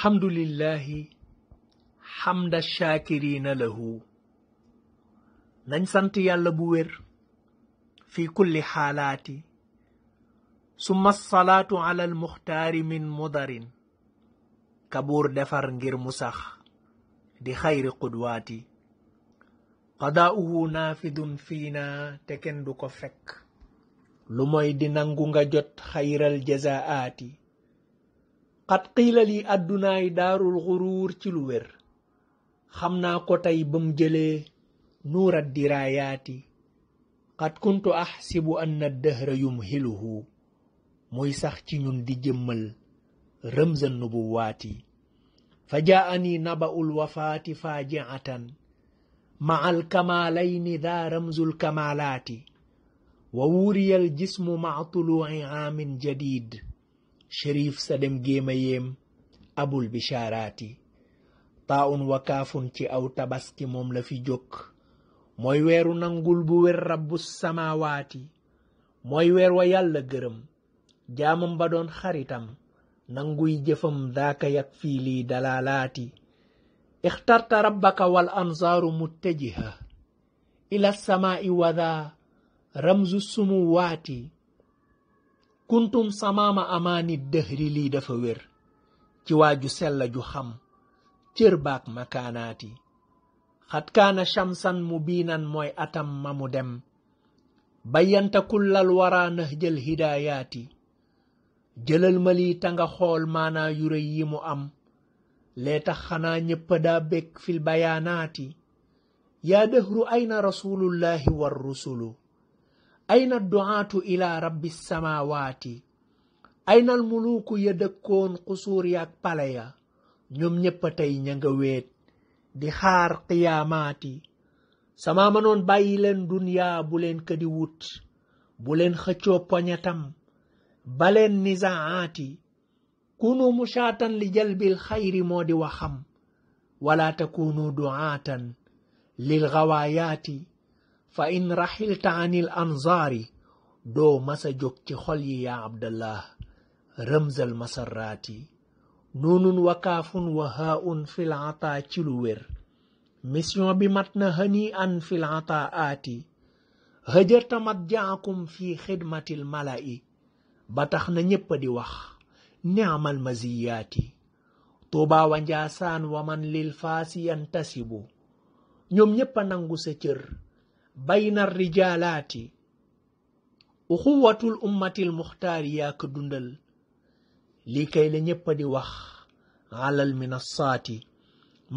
الحمد لله حمد الشاكرين له نان سانت يالا في كل حالاتي ثم الصلاه على المختار من مضر كبور دفر غير مسخ دي خير قدواتي قضاؤه نافذ فينا تكن دوكو فك لوموي دي نانغوغا جوت خير الجزاءاتي قد قيل لي أدناي دار الغرور تلوير خمنا كوتاي بمجلي نور الدراياتي قد كنت أحسب أن الدهر يمهله موي سخشين دي جمل رمز النبوات فجاءني نبأ الوفاة فاجعة مع الكمالين ذا رمز الكمالات ووري الجسم مع طلوع عام جديد shérif sa dem géema yéem abul bishaaraati taawun wakaafun ci aw tabaski moom la fi jóg mooy weeru nangul bu wér rabbu samaawaati mooy weer wa yàlla gërëm jaamam ba doon xaritam nanguy jëfam daaka yak fii lii dalaalaati ixtarta rabbaka wal ansaaru muttajiha ila samaai wada ramzu sumuwaati kuntum samaama amaani dëhri lii dafa wér ci waaju sella ju xam cër baak makaanaati xat kaana shamsan mu biinan mooy atam ma mu dem bayyanta kullal waraa nax jël hidaayaati jëlal ma lii ta nga xool maanaa yu yi mu am lee tax xanaa ñëpp daa bekk fil bayaanaati yaa dëhru ayna rasulullahi war rusulu أين الدعاة إلى رب السماوات أين الملوك يدكون قصور ياك باليا ñoom ñëpp tey ña nga weet di xaar qiyaamaati sama mënoon bàyyi leen duniyaa bu leen këdi wut bu leen xëccoo poñetam baleen nizaati kunu mushaatan li jalbil xayri moo di waxam wala takunu duaatan lil gawaayaati فإن رحلت عن الأنظار دو مسا جوك تخلي يا عبد الله رمز المسرات نون وكاف وهاء في العطاء تلوير مسيو بمتن هنيئا في العطاءات هجرت مدجعكم في خدمة الملأ بتخنا نيب دي وخ نعم المزيات طوبا ونجاسان ومن للفاس ينتسبو نيوم نيب نانغو سيتير bayna rijaalaati uxuwatul ummatil muxtaar yaa dundal lii la ñépp di wax alal minassaati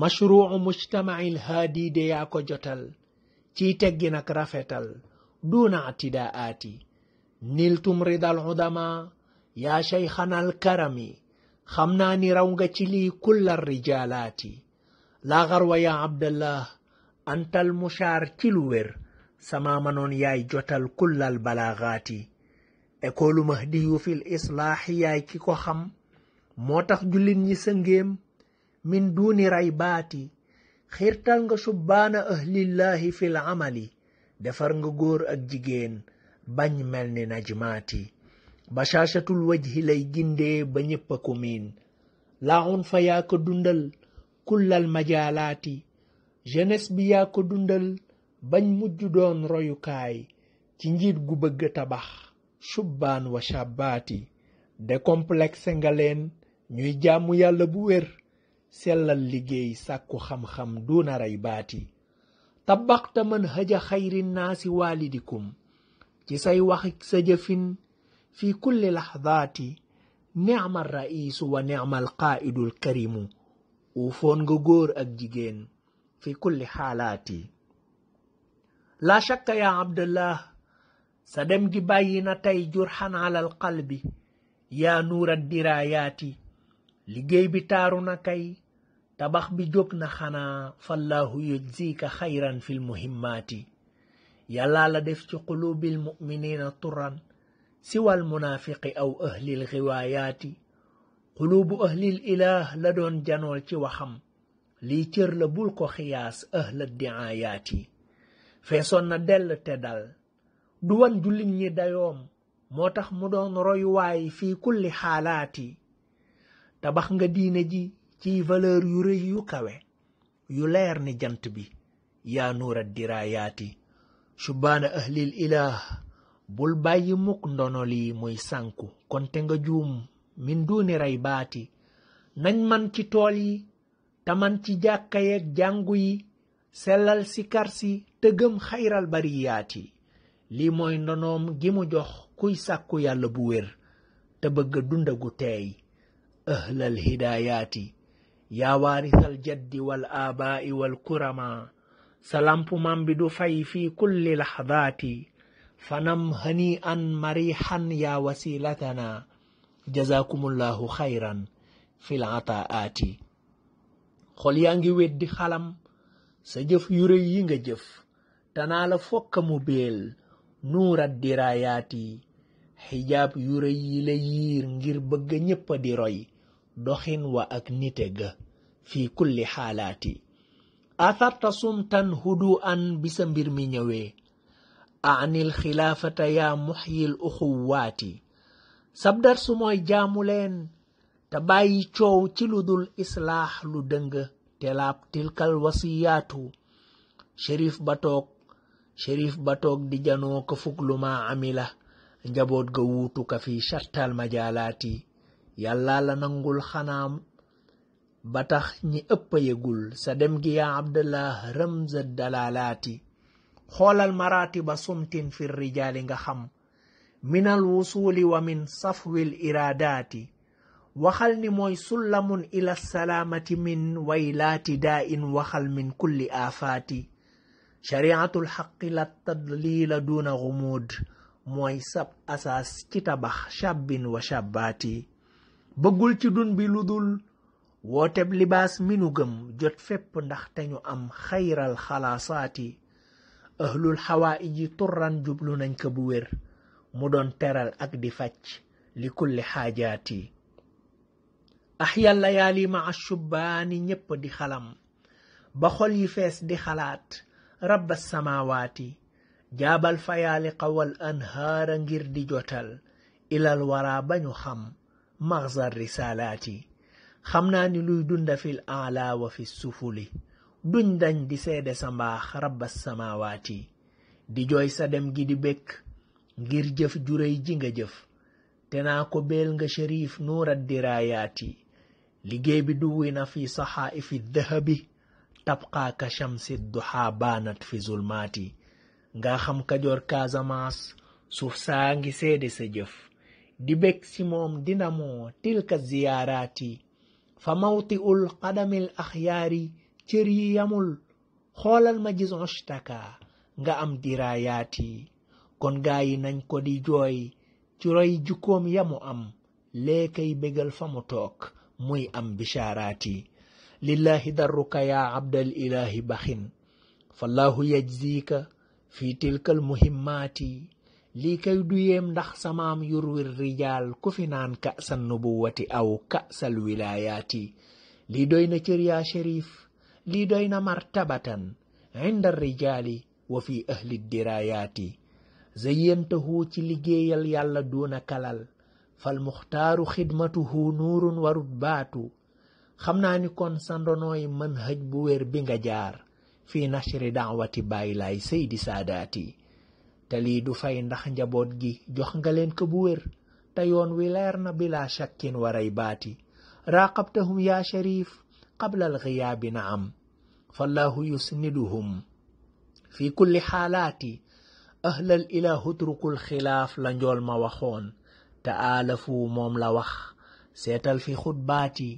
mashruucu mujtamail haadi de yaa ko jotal ci teggin ak rafetal duuna atidaati niltum ridal udama yaa sheyxanal karami xam naa ni raw nga ci lii kulla rijaalaati laa garwa yaa abdallah antal mushaar ci sama manoon yaay jotal kullal balaagaati ekoolu mahdiyu fil islaaxi yaay ki ko xam moo tax jullit ñi sëngéem min duuni ray baati xiirtal nga subbaana ahlillaahi fil amali defar nga góor ak jigéen bañ mel ni najmaati bashaashatul wajhi lay gindee ba ñépp a ko miin laaxun fa yaa ko dundal kullal majaalaati jeunesse bi yaa ko dundal bañ mujj doon royukaay ci njiit gu bëgg tabax subbaan wa shabbaati décomplexé nga leen ñuy jàmm yàlla bu wér sellal liggéey sàkku xam-xam duuna ray baati tabaxta man haja xayri naasi waalidikum ci say wax sa jëfin fi kulli laxdaati neama raisu wa neama alqaaidul karimu uufoon nga góor ak jigéen fi kulli xaalaati لا شك يا عبد الله سدم جي باينا تاي جرحا على القلب يا نور الدرايات لجي بتارنا كي تبخ بجوكنا خنا فالله يجزيك خيرا في المهمات يا لدف في قلوب المؤمنين طرا سوى المنافق أو أهل الغوايات قلوب أهل الإله لدون جنول وخم لي تير لبولكو خياس أهل الدعايات feesonna del tedal duwan jullin ñi dayoom moo tax mu doon royu waay fii kulli xaalaati tabax nga diine ji ciy valeur yu rëy yu kawe yu leer ni jant bi yaa nuurat diraayaati subaana ahlil ilaah bul bàyyi mukk ndonol yi muy sànku konte nga juum min duuni ray baati nañ man ci tool yi ta man ci jàkkayeeg jàngu yi sellal sikar si te gëm xayral bariyaati lii mooy ndonoom gi mu jox kuy sàkku yàlla bu wer te bëgg dundagu teey ahlal hidaayaati yaa waarisal jaddi wal aabaa'i wal kurama sa lampu mam bi du fay fii kulli laxdaati fanam hani an marixan yaa wasilatana jazakumullahu xayran fil xol yaa weddi xalam sa jëf yu yi nga jëf tanaa la fokka mu beel nuurat diraayaati xijaab yu yi la yiir ngir bëgg ñépp di roy doxin wa ak nite ga fi kulli xaalaati atharta sumtan hudu an bi sa mbir mi ñëwee anil xilaafata yaa muxyil uxuwaati sab dar jaamu leen te bàyyi coow ci lu dul islaax lu dëng telaab tilkal wasiyaatu shérif ba di janoo ka fuglu ma amila njaboot ga wuutu ka fi shattal majaalaati yàlla la nangul xanaam ba tax ñi ëpp yëgul sa dem gi yaa abdallah ramza dalalaati xoolal maratiba sumtin fi rijaali nga xam minal wusuli wa min safwil iraadaati waxal ni mooy sullamun ila salaamati min waylaati daa in waxal min kulli aafaati shariatul xaqi la tadlila duuna gumuud mooy sab asaas ci tabax shabbin wa shabbaati bëggul ci dun bi lu dul wooteb libaas minu gëm jot fépp ndax te am xayral xalaasaati ahlul xawaa'iji turran jublu nañ ko bu wér mu doon teral ak di faj li kulli xaajaati axyal layaali ma ashubbaani ñépp di xalam ba xol yi fees di xalaat rabba samawaati jaabal fayaaliqa wal anhaara ngir di jotal ilal wara ba ñu xam maxsar risaalaati xam naa ni luy dunda fil ala wa fi sufuli duñ dañ di seede sa mbaax di joy sa dem gi di békk ngir jëf juréy ji nga jëf te naa ko beel nga shérif nuurat diraayaati liggéey bi duwina fi saxaaifi dahabi tabqa ka shamsi duha baanat fi zulmaati nga xam kajoor Casamance suuf saa ngi seede sa jëf di bég si moom dina moo tilka ziyaaraati fa mawti ul qadamil axyaari cër yi yamul xoolal ma gis oshtaka nga am diraayaati kon gaa yi nañ ko di jooy ci roy jukkoom yamu am lee kay bégal fa mu toog muy am bishaaraat yi lillahi darruka yaa abdal ilahi baxin fallahu yajzika fi tilkal muhimmaati lii kay duyeem ndax samaam yurwir rijaal ku fi naan ka'sa nubuwati aw ka'sal wilaayaati lii doy na cër yaa sharif lii doy na martabatan inda rijaali wa fi ahli diraayaati zayyantahu ci liggéeyal yàlla duuna kalal fal muxtaaru xidmatuhu nuurun warut baatu xam naa ni kon sa ndonooy mën hëj bu wér bi nga jaar fii nashri daawati bàyyi laay seydi saadaati te lii du fay ndax njaboot gi jox nga leen ko bu wér te yoon wi leer na bilaa shakkin waray baati raaqabtahum yaa sharif qabla alxiyaabi na am fallahu yusniduhum fi kulli xaalaati ahlal ilahu turkul xilaaf la njool ma waxoon taalafu moom la wax seetal fi xutbaat yi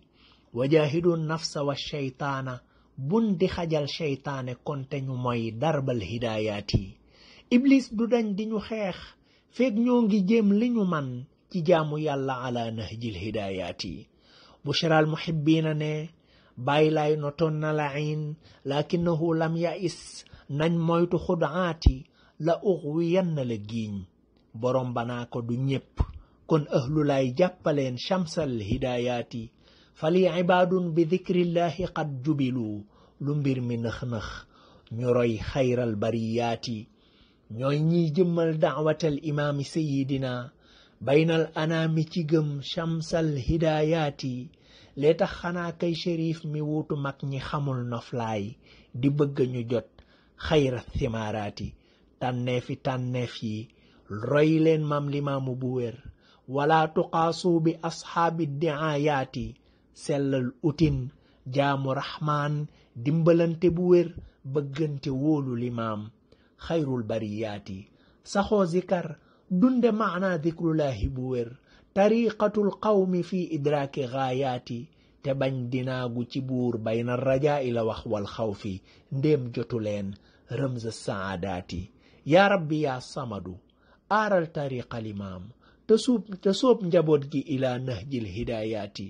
wajahidu nafsa wa sheytaana bun di xajal sheytaane konte ñu mooy darbal hidaayaat yi iblis du dañ di ñu xeex feeg ñoo ngi jéem li ñu man ci jaamu yàlla ala nahjil hidaayaat yi muhibbiina ne bàyyi notoon na lain laakinahu lam yais nañ moytu xudaati la uxwiyan na la giiñ boroom banaa ko du ñépp kon ahlulaay jàppaleen shamsal hidaayaati fali ibaadun bi dikrillaahi qad jubilu lu mbir mi nëx-nëx ñu roy xayral bariyaati ñooy ñiy jëmmal daawatal imaami sayidina baynal anaami ci gëm shamsal hidaayaati lee tax xanaa kay shérif mi wuutu mag ñi xamul noflaay di bëgg ñu jot xayra simaaraati tànneefi tànneef yi roy leen maam limaamu bu wér wala tuqaasu bi asxaabi diaayaati sellal utin jaamu raxmaan dimbalante bu wér bëggante wóolu limaam xayrul bariyaati saxoo zikar dunde maanaa dikrullaahi bu wér tariqatul qawmi fi idraaki gaayaati te bañ dinaagu ci buur bayna rajaa ila wax wal xawfi ndéem jotu leen rëmza saadaati yaa rabbi yaa samadu aaral tariqa limaam te suub njaboot gi ilaa nahjil hidayaati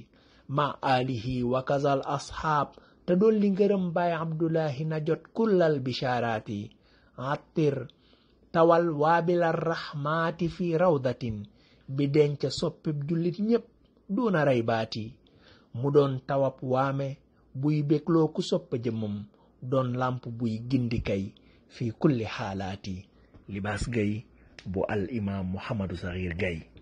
ma alihi wa kazal asxaab te dool li ngërëm baay abdullahi na jot kullal bishaaraati attir tawal waabilal rahmaati fi rawdatin bi denc soppib jullit ñépp duuna rey baati mu doon tawab waame buy bégloo ku soppa jëmmam doon làmp buy gindi kay fi kulli xaalaati libaas gay bu al imam Mouhamadou Sakhir gay